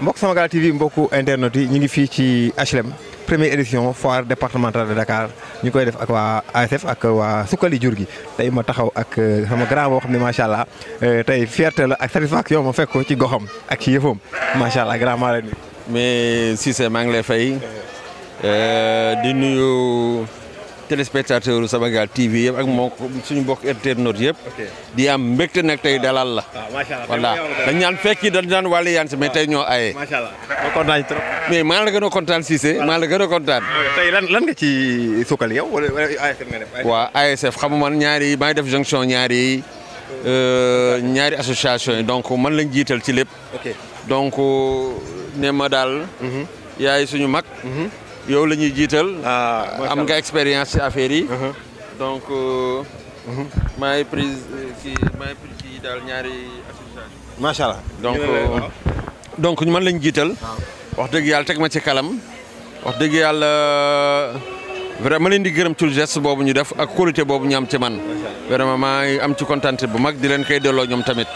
mbokk Samagal TV mbokku internet yi ñu ngi fii HLM première édition foire départementale de Dakar ñu koy def ak waa ASF ak waa sukkali jur gi tey ma taxaw ak euh, sama grand boo xam ne macha allah euh, tey fierté la ak satisfaction ma fekk ko ci goxam ak ci yëfam macha allah grand maa la nuyu. mais Cissé maa ngi lay fay euh, di nuyu. téléspectateur Samagal TV yëpp ak moo suñu mbokk internautes yëpp. di am mbégte nag tey dalal la. Ah, voilà dañ ñaan fekki dañ daan wàllu yaan si mais tey ñoo aye. macha mais la a kontaan Cissé maa la a kontaan. Ah, tey lan lan nga ci sukkal yow wala ASF nga def. ñaari maa ngi def jonction ñaari yi euh, ñaari association yi donc man lañ jiital ci lépp. donc euh, ne ma daal. Mhm. yaay suñu mag. Mhm. yow lañuy jital ah, am nga experience affaire yi uh-huh. donc euh, uh-huh. may prise euh, ki may prise ki dal ñaari association machallah allah donc ñu euh, man lañ jital wax deug yalla tek ma ci kalam wax deug yalla vraiment leen di gërëm ci geste bobu ñu def ak qualité bobu ñu am ci man vraiment ma am ci contente bu mag di leen kay delo ñom tamit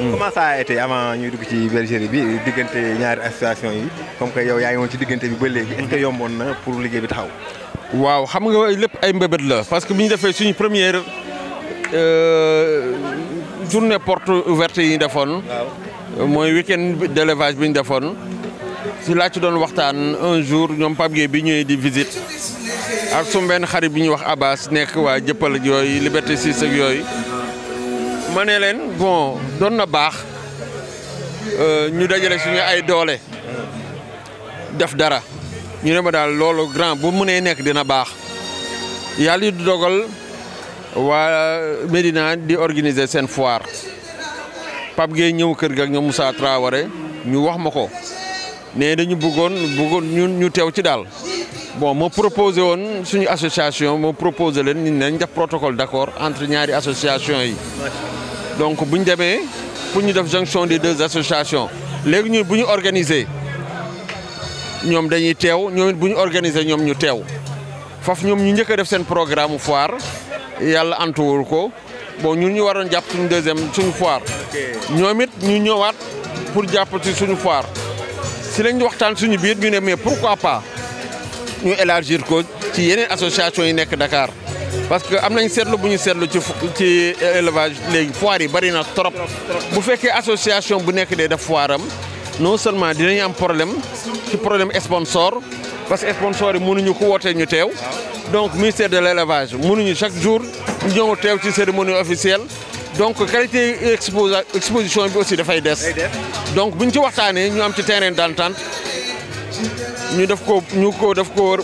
Mm. comment a été avant ñuy dugg ci bergerie bi diggante ñaari association yi comme que yow yaa ngi woon ci diggante bi ba léegi. est yomboon na pour liggéey bi taxaw. waaw xam nga lépp ay mbébét la parce que bi defee suñu première euh, journée porte ouverte yi ñu defoon. mooy week-end d'élevage bi ñu defoon. si laa ci doon waxtaan un jour ñoom Pape Gueye bi ñëwee di visite ak sum benn xarit bi ñuy wax Abbas nekk waa Jëppal ak yooyu Liberté 6 ak yooyu. ma ne leen bon doon na baax euh, ñu dajale suñu ay doole def dara ñu ne ma daal loolu grand bu mënee nekk dina baax yàlla di dogal waa Médina di organiser seen foire Pape Gueye ñëw kër ga ak ñoom Moussa Traoré ñu wax ma ko ne dañu bëggoon bëggoon ñu teew ci daal moo ma proposé woon suñu association ma proposé leen ñu neen nañ def protocole d'accord entre ñaari association yi Donc, si nous avons une jonction des deux associations, Nous devons organiser. ont organisé, nous avons organisé, nous avons organisé. Nous avons faire un programme de foire, et nous devons faire un foire. Nous avons faire une deuxième foire. Nous devons un faire une foire. Si nous avons fait une foire, nous avons fait pourquoi pas nous élargir les associations qui sont Dakar parce que am nañ un bu ñu ci ci élevage légui foire yi bari na trop bu fekkee association bu nekk dee def foiram non seulement a am problème ci problème sponsor parce que sponsor yi mënuñu ko wootee ñu teew donc ministère de l'élevage mënuñu chaque jour ñëw teew ci cérémonie officielle donc qualité exposition est aussi dafay dess donc buñ ci nous ñu am ci terrain d'entente ñu daf ko ñu ko ko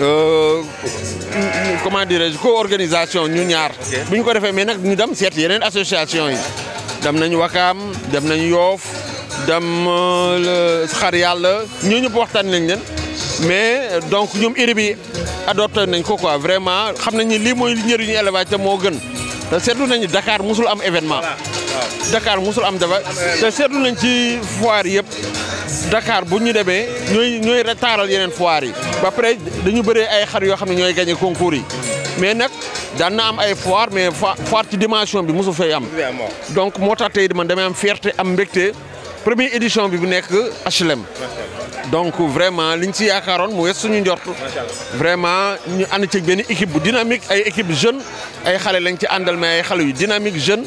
Euh, comment dirais je co-organisation ñu ñaar. bu ñu ko defee mais nag ñu dem seet yeneen association yi. dem nañu Wakaam dem nañu Yoof dem euh, xar yàlla ñoo ñëpp waxtaan nañ leen mais donc ñoom iri bi adopté nañ ko quoi vraiment xam nañ ni lii mooy njëriñu élevage te moo gën te seetlu nañu Dakar musul am événement. Dakar mosul am dafa te seetlu nañ ci foire yëpp. Dakar bu ñu demee ñooy ñooy retaaral yeneen foire yi ba pare dañu bëree ay xar yoo xam ne ñooy gagné concours yi mais nag daan na am ay foire mais foire ci dimension bi mosu fay am donc moo tax tey man demee am fierté am mbégte première édition bi bu nekk HLM donc vraiment liñ ci yaakaaroon mu wes suñu njort vraiment ñu ànd ci benn équipe bu dynamique ay équipe jeune ay xale lañ ci àndal mais ay xale yu dynamique jeune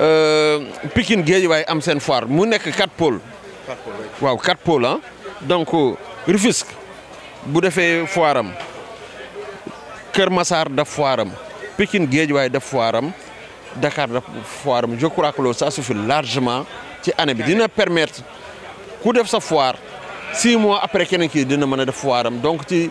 Euh, Pikine waay am seen foire mu nekk quatre pôles. waaw quatre pôles ah. donc Rufisque bu defee foire am Kër Massar daf foire am Pikine Guédiawaye daf foire am daf foire am je crois que loolu ça suffit largement ci année bi dina permettre ku def sa foir si mois après keneen kii dina mën a def foiram am ci.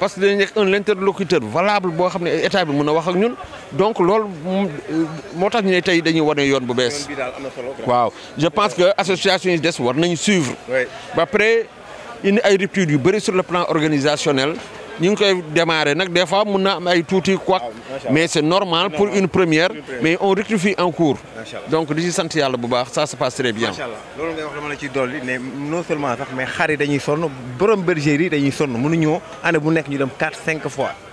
parce que y a un interlocuteur valable pour l'État. état bi wax ak ñun donc c'est moo ñu ne dañuy yoon je pense que association yi des war nañu suivre. Après, il indi a ruptures yu sur le plan organisationnel ñu ngi koy démarrer nag des fois mun na am ay tuuti quoi ah, mais c'est normal pour une première mais on rectifie en cours donc di ci sant yàlla bu baax ça se passe très bien macha allah loolu ngay wax dama la ciy dolli ne non seulement sax mais xar yi dañuy sonn borom bergerie yi dañuy sonn mënuñoo année bu nekk ñu dem 4 5 fois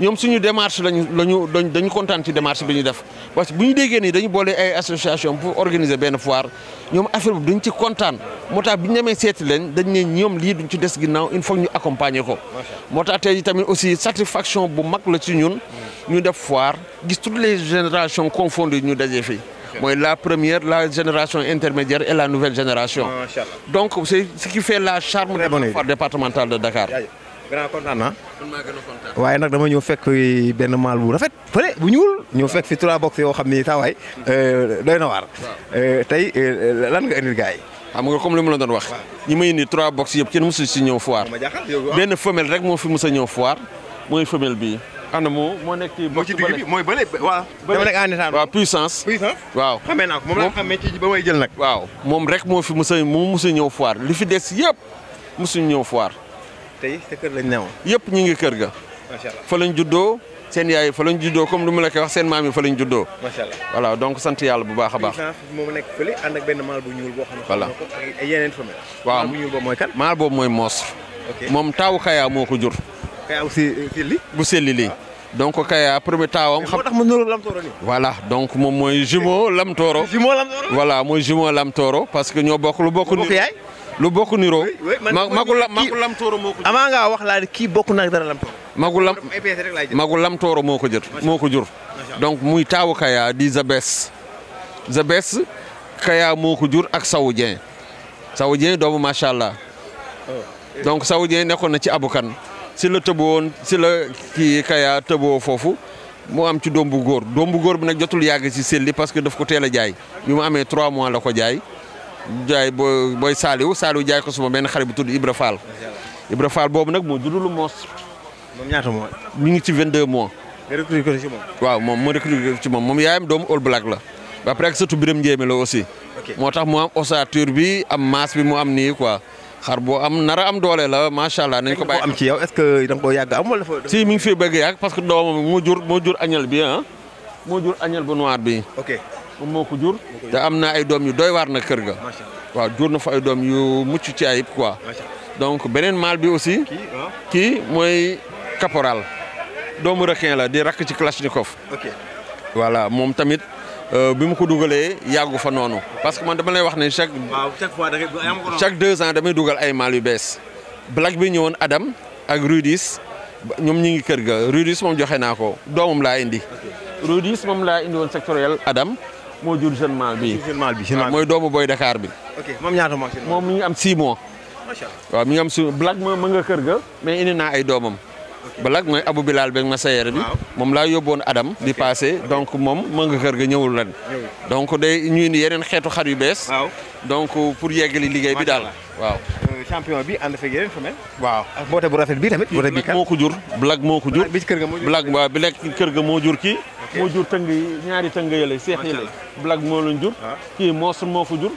Nous sommes démarche de la démarche parce que nous nous avons dañu association pour organiser une foire Nous sommes contents. Nous avons kontaan nous des il faut ñu accompagner aussi satisfaction pour nous la ci ñun. Hmm. foire toutes les générations confondues ñu dajee la première la génération intermédiaire et la nouvelle génération. donc c'est ce qui fait la charme de foire départementale de Dakar. grand kontaan ah. naa. a waaye nag dama ñëw fekk benn maal bu rafet fële bu ñuul ñu fekk fi trois box yoo xam ni saa waay euh, doy na waar. Euh, tey euh, lan nga indil gars yi. xam nga comme li mu la doon wax. ñi may indi trois box yëpp kenn mosu si ñëw foire. benn femelle rek moo fi mos a ñëw foire mooy femelle bii. ana moo moo nekk ci moo ci mooy bële waaw. dama nekk en état waaw puissance. puissance waaw. xamee moom laa ba may jël nag. waaw moom rek moo fi mos a moo mos a ñëw foire lu fi des yëpp mosuñu ñëw foire tey sa yëpp ñu ngi kër ga. macha allah lañ juddoo seen yaay fa lañ juddoo comme lu ma la koy wax seen maam yi fa lañ juddoo. macha allah voilà donc sant yàlla bu baax a baax. moom nekk fële ànd ak benn bu ñuul boo xam ne. voilà ak yeneen famille. waaw maal boobu mooy kan. boobu mooy moos. moom taawu Kaya moo ko jur. bu selli. Eh, bu selli lii. Ah. donc Kaya premier taawam. xam moo tax mu niróo Lamtoro donc moom mooy jumeau Lamtoro. jumeau Lamtoro. voilà mooy jumeau Lamtoro parce que ñoo bokk lu bokk. yaay lu bokk niroo. magu la magu lam tooro moo ko jur. amaa wax laa ne bokk na dara lam tooro. magu lam moo ko jur moo ko jur. donc muy taawu Kaya di Zabès. Zabès Kaya moo jur ak Sawu Dieng. Sawu Dieng doomu macha allah. Oh. donc Sawu Dieng nekkoon na ci abukan si la tëboon si la kii Kaya tëboo foofu. mu am ci doom bu góor doom bu góor bi nag jotul yàgg si selli parce que daf ko teel a jaay bi mu amee 3 mois la ko jaay. jaay booy booy Saliou Saliou jaay ko suma benn xale bu tudd Ibra Fall. Ibra Fall boobu nag moo juddu lu moos. ñaata mois. mi ngi ci 22 mois. nga waaw moom moo recruté ko ci moom moom yaayam doomu All Black la. ba pare surtout Birame Ndiémé la aussi. moo tax mu am ossature bi am masse bi mu am nii quoi. xar boo am nara am doole la macha allah nañ ko bàyyi. am ci yow est-ce que da koo yàgg am wala fa. si mi ngi fi bëgg yàgg parce que doomam moo jur moo jur añal bi ah. moo jur añal bu noir bi. moom moo ko jur te am na ay doom yu doy waar na kër ga waaw jur na fa ay doom yu mucc ci ayib quoi donc beneen maal bi aussi ah? kii mooy caporal doomu requin la di rakk ci Kalachnikov voilà moom tamit euh, bi mu ko dugalee yàggu fa noonu parce que man dama lay wax ne chaque chaque deux ans damay dugal ay maal yu bees black bi ñëwoon Adam ak Rudis ñoom ñu ngi kër ga Rudis moom joxe naa ko doomam laa indi Rudis moom laa indi woon sectoriel Adam moo jur jeune mâle bi jeune bi mooy doomu boy Dakar bi. ok moom ñaata mois. moom mi ngi am 6 mois. macha waaw mi ngi am su Black ma ma nga kër ga. mais indi naa ay doomam. Black mooy Abu Bilal beeg Masayer bi. moom laa yóbboon Adam. di passé donc moom ma nga kër ga ñëwul ren. donc day ñuy yeneen xeetu xar yu bees. donc pour yeggali liggéey bi daal waaw. Euh, champion bi ànd fekk bu rafet bi tamit. boote bi kat moo ko jur Black moo ko jur. bi ga moo jur Black waaw bi nekk kër ga moo jur kii. moo jur tëng yi ñaari tëng yële seex yële black moo lañ jur ah. kii moosul moo ko jur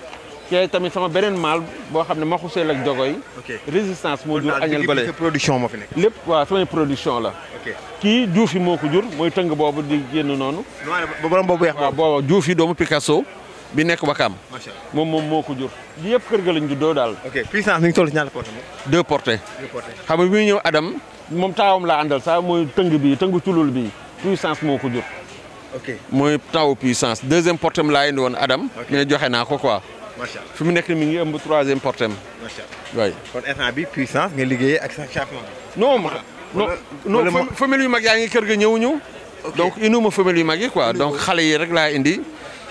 kee tamit sama beneen maal boo xam ne ma xuseel ak jogo yi résistance moo jur añal bële production moo fi nekk lépp waaw samay production la kii juuf yi moo ko jur mooy tëng boobu di génn noonu borom boobu weex waaw boobu juuf yi doomu Picasso bi nekk Wakaam moom moom moo ko jur li yëpp kër ga lañ doo daal puissance ni ngi toll ci ñaata portée deux portées xam nga bi ñëw Adam moom taawam laa àndal saa mooy tëng bi tëng culul bi puissance moo ko jur mooy taw puissance deuxième portem laa indi woon Adam. mais joxe naa ko quoi. macha allah fi mu nekk mi ngi ëmb troisième portem. macha allah oui. kon instant bi puissance nga liggéeyee ak sa chapement bi. non ma non non femelle yu mag yaa ngi kër ga ñëw ñëw. donc inu ma femelle yu mag yi quoi donc xale yi rek laa indi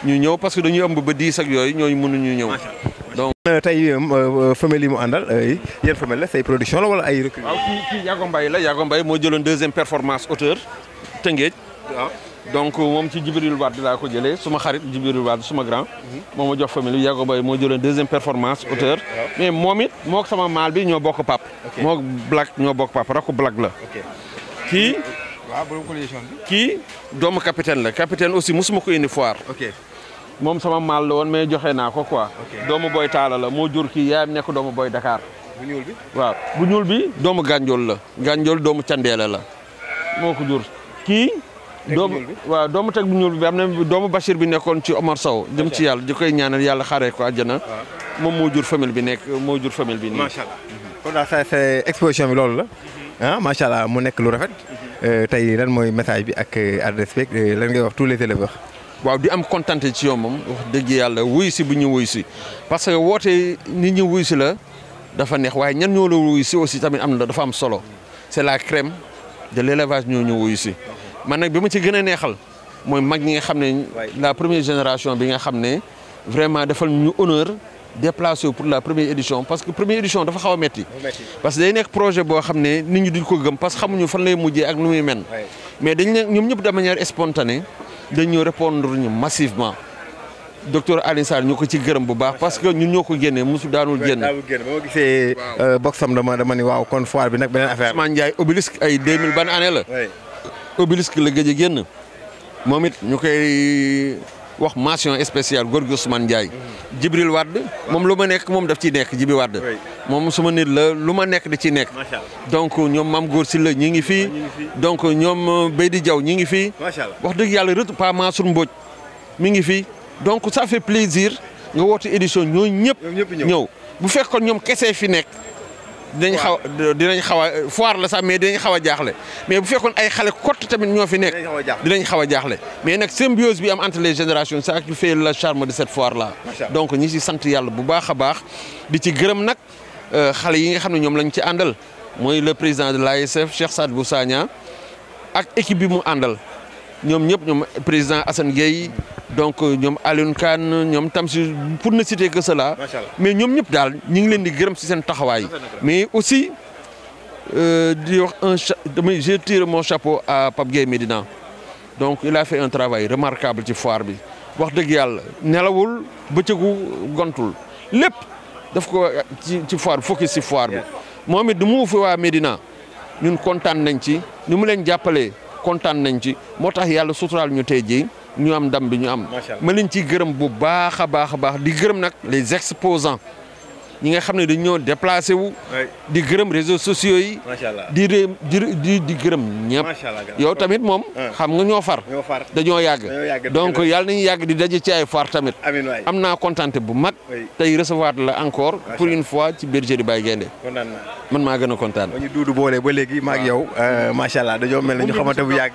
ñu ñëw parce que dañuy ëmb ba diis ak yooyu ñooñu mënuñu ñëw. donc euh, tey euh, euh, femelle yi mu àndal yéen femelle la say production la wala ay recrues. waaw kii kii Yago Mbaye la Yago Mbaye moo jëloon deuxième performance auteur Tëngéej waaw. Ah. donc euh, moom ci Djibril Wade laa ko jële suma xarit Djibril Wade suma grand. moo ma jox famille Yago Boy moo jëloon deuxième performance auteur. mais moom it mook sama maal bi ñoo bokk pap mook Black ñoo bokk pap rakku Black la. kii. waaw borom collection bi. kii doomu capitaine la capitaine aussi mosuma ko indi foire. moom sama maal la woon mais joxee naa ko quoi. doomu boy taala la moo jur kii yaayam nekk doomu boy dakaar bu ñuul bi waaw bu ñuul bi doomu gànjool la. gànjool doomu candeela la moo ko jur kii. doomu waaw doomu teg bu ñuul bi am na doomu Bachir bi nekkoon ci Omar Sow jëm ci yàlla di koy ñaanal yàlla xaaree ko àjjana moom moo jur famille bi nekk moo jur famille bi nii macha allah mhm. kon daal bi loolu la mhm. ah macha mu nekk lu rafet mhm. euh, tey lan mooy message bi ak euh, adresse beeg euh, lan ngay wax tous les éleveurs waaw di am kontaan ci yow moom wax dégg yàlla wuy si bu ñu wuyu si parce que woote ni ñi wuyu si la dafa neex waaye ñan ñoo la wuy si aussi tamit am na dafa am solo c'est la crème de l'élevage ñoo ñu wuy si man nag bi ma ci gën neexal mooy mag ñi nga xam la première génération bi nga xam ne vraiment defal ñu honneur déplacé wu pour la première édition parce que première édition dafa xaw a metti parce que day nekk projet boo xam ne nit ñi duñ ko gëm parce que xamuñu fan lay mujjee ak nu muy men mais dañ ne ñoom ñëpp de manière spontanée dañ ñoo répondre ñu massivement docteur Alioune Sarr ñu ko ci gërëm bu baax parce que ñun ñoo ko génnee mosu daanul génn ba ma gisee euh, boxam dama dama ni waaw kon foire bi nag beneen affaire Ousmane Ndiaye obélisque ay 2000 ban année la obélisque la gëj genn momit ñukay wax mention spéciale Gorgui Ousmane Ndiaye. Jibril wad mom luma nek mom daf ci nek Djibi wad mom suma nit la luma nek nekk da ciy nekk. donc ñom mam Gor la ñi ngi fi donc ñom Beydi jaw ñi ngi fi wax deug yalla retour pa Mansour Mbodj mi ngi fi donc ça fait plaisir nga woote édition ñooñu ñep ñew bu fekkon ñom kessé fi nek dinañ xawa dinañ xaw foire la sax mais dinañ xawa jaxlé mais bu fekkone ay xalé kott tamit ñofi nek dinañ xawa jaxlé mais nak symbiose bi am entre les générations ça qui fait le charme de cette foire là donc ñi ci sant yalla bu baax baax di ci gërëm nak euh, xalé yi nga xam ñom lañ ci andal moy le président de l'ASF Cheikh Sadou Sagna ak équipe bi mu andal nous sommes présents président Assane donc sommes euh, sommes pour ne citer que cela mais nous sommes tous leen di mais aussi euh, di un mon chapeau à Pape Gueye donc il a fait un travail remarquable de foire bi wax deug yalla nelawul beccou gontul lepp daf ko ci foire focus ci foire bi momit fi ñun contane nañ ci mu leen kontaan nañ ci moo tax yàlla suturaal ñu tey jii ñu am ndam bi ñu am. ma leen ciy gërëm bu baax a baax a baax di gërëm nag les exposants. ñi nga xam ne dañu ñoo déplacé wu. di gërëm réseaux sociaux yi. macha allah di di di gërëm ñëpp. yow tamit moom. xam nga ñoo far. far dañoo yàgg. donc yàlla nañu yàgg di daje ci ay foire tamit. amiin waay am naa contenté bu mag. tey recevoir la encore. pour une fois ci bergerie Baye Gaynde. kontaan naa man maa gën a kontaan. ba ñu duudu boole ba léegi ma ak yow. Euh, macha allah dañoo mel ne ñu xamante bu yàgg.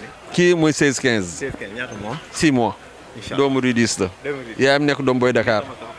kii mooy 16 15. 16 15 ñaata mois. 6 mois. incha yaayam nekk doom booy Dakar.